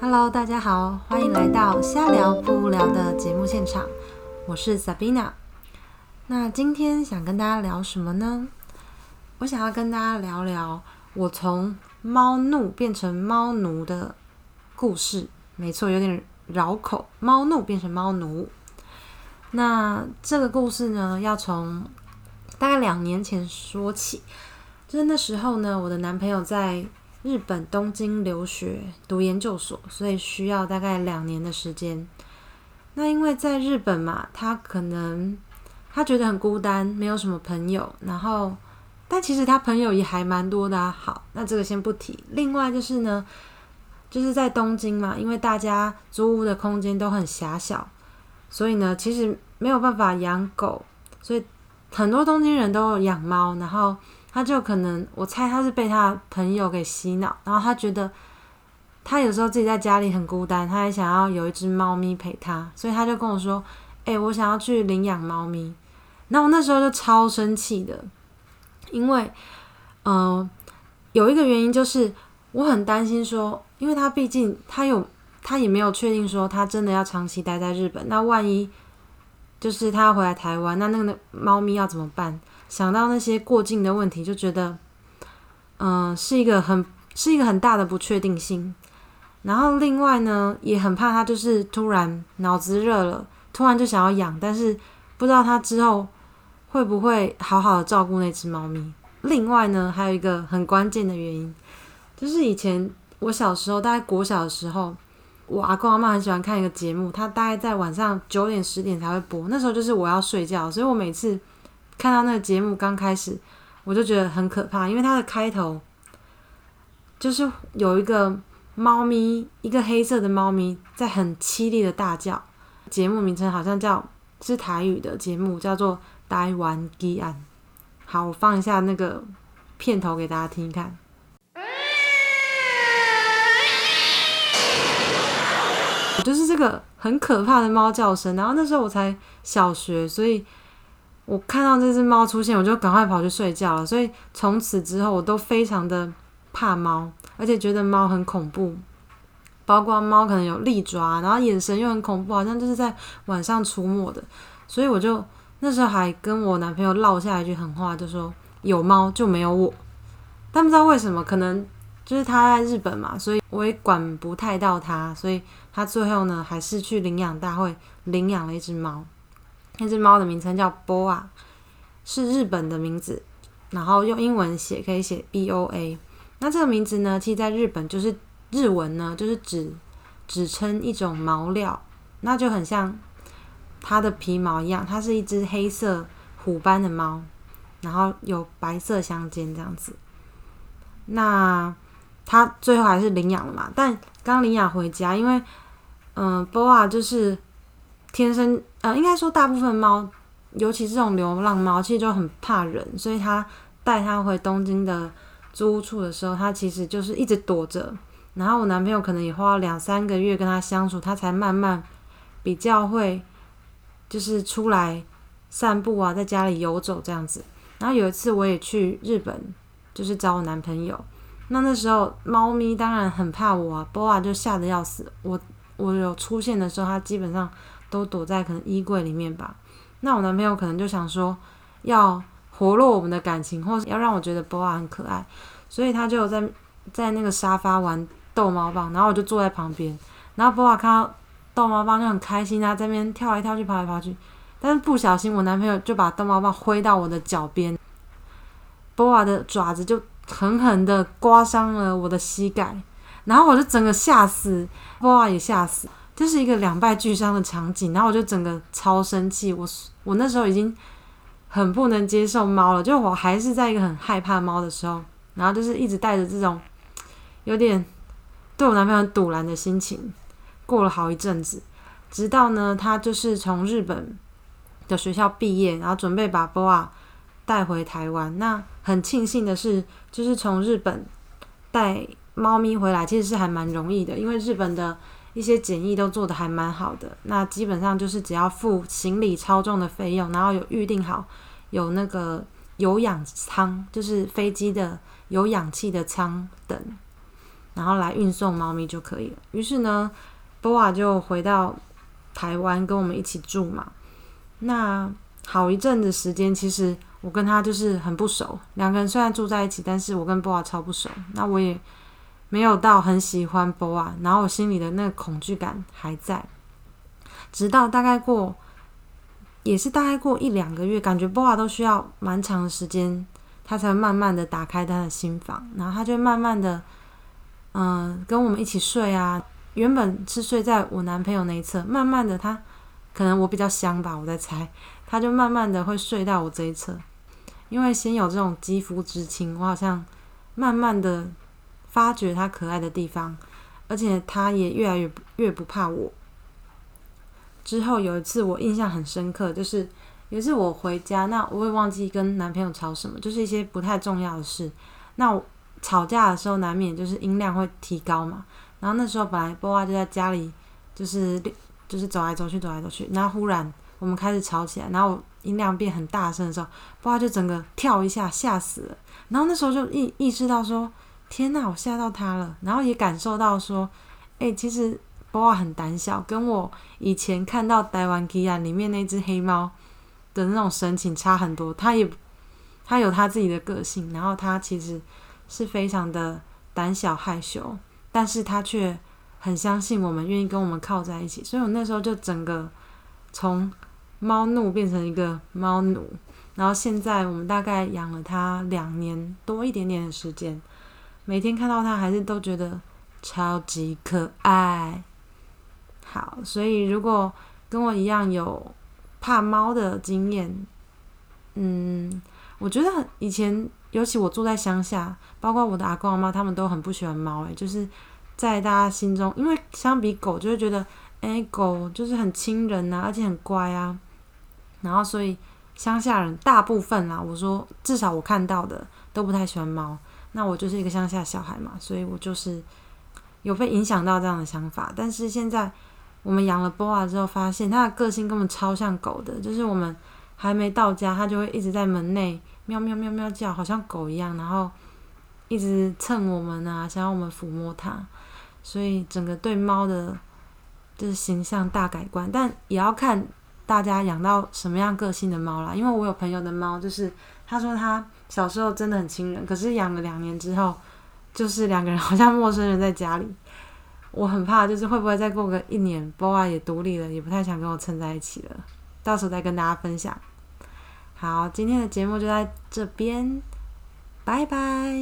Hello，大家好，歡迎來到瞎聊不無聊的節目現場，我是 Sabina。那今天想跟大家聊什麼呢？我想要跟大家聊聊我從貓怒變成貓奴的故事。沒錯，有點繞口，貓怒變成貓奴。那這個故事呢，要從大概兩年前說起。就是那時候呢，我的男朋友在。日本東京留學讀研究所，所以需要大概兩年的時間。那因為在日本嘛，他可能他覺得很孤單，沒有什麼朋友。然後，但其實他朋友也還蠻多的啊。好，那這個先不提。另外就是呢，就是在東京嘛，因為大家租屋的空間都很狹小，所以呢，其實沒有辦法養狗，所以很多東京人都養貓。然後。他就可能，我猜他是被他朋友給洗腦，然後他覺得他有時候自己在家裡很孤單，他還想要有一隻貓咪陪他，所以他就跟我說：“欸，我想要去領養貓咪。”那我那時候就超生氣的，因為呃有一個原因就是我很擔心說，因為他畢竟他有他也沒有確定說他真的要長期待在日本，那萬一就是他要回來台灣，那那個貓咪要怎麼辦？想到那些過境的問題，就覺得，嗯、呃，是一個很是一個很大的不確定性。然後另外呢，也很怕他就是突然腦子熱了，突然就想要養，但是不知道他之後會不會好好的照顧那隻貓咪。另外呢，還有一個很關鍵的原因，就是以前我小時候，大概國小的時候，我阿公阿嬤很喜歡看一個節目，他大概在晚上九點十點才會播。那時候就是我要睡覺，所以我每次。看到那個節目剛開始，我就覺得很可怕，因為它的開頭就是有一個貓咪，一個黑色的貓咪在很凄厲的大叫。節目名稱好像叫是台語的節目，叫做《台灣奇案》。好，我放一下那個片頭給大家聽一看。我、嗯、就是這個很可怕的貓叫聲，然後那時候我才小學，所以。我看到這隻貓出現，我就趕快跑去睡覺了。所以從此之後，我都非常的怕貓，而且覺得貓很恐怖，包括貓可能有利爪，然後眼神又很恐怖，好像就是在晚上出沒的。所以我就那時候還跟我男朋友撂下一句狠話，就說有貓就沒有我。但不知道為什麼，可能就是他在日本嘛，所以我也管不太到他，所以他最後呢還是去領養大會領養了一隻貓。那隻貓的名稱叫 Boa，是日本的名字，然後用英文寫可以寫 Boa。那這個名字呢，其實在日本就是日文呢，就是指指稱一種毛料，那就很像它的皮毛一樣。它是一隻黑色虎斑的貓，然後有白色相間這樣子。那他最後還是領養了嘛？但剛領養回家，因為嗯、呃，Boa 就是。天生呃，應該說大部分貓，尤其是這種流浪貓，其實就很怕人。所以他帶他回東京的租屋處的時候，他其實就是一直躲着。然後我男朋友可能也花了兩三個月跟他相處，他才慢慢比較會就是出來散步啊，在家裡遊走這樣子。然後有一次我也去日本，就是找我男朋友。那那時候貓咪當然很怕我啊，BOA，就嚇得要死。我我有出現的時候，它基本上。都躲在可能衣櫃裡面吧。那我男朋友可能就想說，要活絡我們的感情，或者要讓我覺得 BOA 很可愛，所以他就在在那個沙發玩逗貓棒，然後我就坐在旁邊。然後 BOA 看到逗貓棒就很開心啊，在那邊跳來跳去，跑來跑去。但是不小心，我男朋友就把逗貓棒揮到我的腳邊，BOA 的爪子就狠狠的刮傷了我的膝蓋，然後我就整個嚇死，BOA 也嚇死。這是一個兩敗俱傷的場景，然後我就整個超生氣，我我那時候已經很不能接受貓了，就我還是在一個很害怕的貓的時候，然後就是一直帶着這種有點對我男朋友很賭爛的心情，過了好一陣子，直到呢他就是從日本的學校畢業，然後準備把 BOA 帶回台灣。那很慶幸的是，就是從日本帶貓咪回來其實是還蠻容易的，因為日本的。一些檢疫都做得還蠻好的，那基本上就是只要付行李超重的費用，然後有預定好，有那個有氧艙，就是飛機的有氧氣的艙等，然後來運送貓咪就可以了。於是呢，BOA 就回到台灣跟我們一起住嘛。那好一陣子時間，其實我跟他就是很不熟，兩個人雖然住在一起，但是我跟 BOA 超不熟。那我也。沒有到很喜歡 BOA，然後我心裡的那個恐懼感還在，直到大概過，也是大概過一兩個月，感覺 BOA 都需要蠻長的時間，他才慢慢的打開他的心房，然後他就慢慢的，嗯、呃，跟我們一起睡啊，原本是睡在我男朋友那一側，慢慢的他，可能我比較香吧，我在猜，他就慢慢的會睡到我這一側，因為先有這種肌膚之情，我好像慢慢的。發覺他可愛的地方，而且他也越來越越不怕我。之後有一次我印象很深刻，就是有一次我回家，那我也忘記跟男朋友吵什麼，就是一些不太重要的事。那我吵架的時候難免就是音量會提高嘛。然後那時候本來 BOA 就在家裡，就是就是走來走去走來走去。然後忽然我們開始吵起來，然後我音量變很大聲的時候，BOA 就整個跳一下，嚇死了。然後那時候就意意識到說。天哪，我嚇到他了，然後也感受到說，哎、欸，其實 BOA 很膽小，跟我以前看到《台灣奇案》裡面那隻黑貓的那種神情差很多。他也，他有他自己的個性，然後他其實是非常的膽小害羞，但是他卻很相信我們，願意跟我們靠在一起。所以我那時候就整個從貓怒變成一個貓奴，然後現在我們大概養了它兩年多一點點的時間。每天看到它還是都覺得超級可愛。好，所以如果跟我一樣有怕貓的經驗，嗯，我覺得很以前，尤其我住在鄉下，包括我的阿公阿媽他們都很不喜歡貓。哎，就是在大家心中，因為相比狗，就會覺得哎，狗就是很親人啊，而且很乖啊。然後，所以鄉下人大部分啦，我說至少我看到的都不太喜歡貓。那我就是一個鄉下小孩嘛，所以我就是有被影響到這樣的想法。但是現在我們養了 BOA 之後，發現它的個性根本超像狗的，就是我們還沒到家，它就會一直在門內喵喵喵喵叫，好像狗一樣，然後一直蹭我們啊，想要我們撫摸它。所以整個對貓的就是形象大改觀。但也要看大家養到什麼樣個性的貓啦，因為我有朋友的貓，就是他說他。小時候真的很親人，可是養了兩年之後，就是兩個人好像陌生人，在家裡，我很怕，就是會不會再過個一年，波娃也獨立了，也不太想跟我蹭在一起了，到時候再跟大家分享。好，今天的節目就在這邊，拜拜。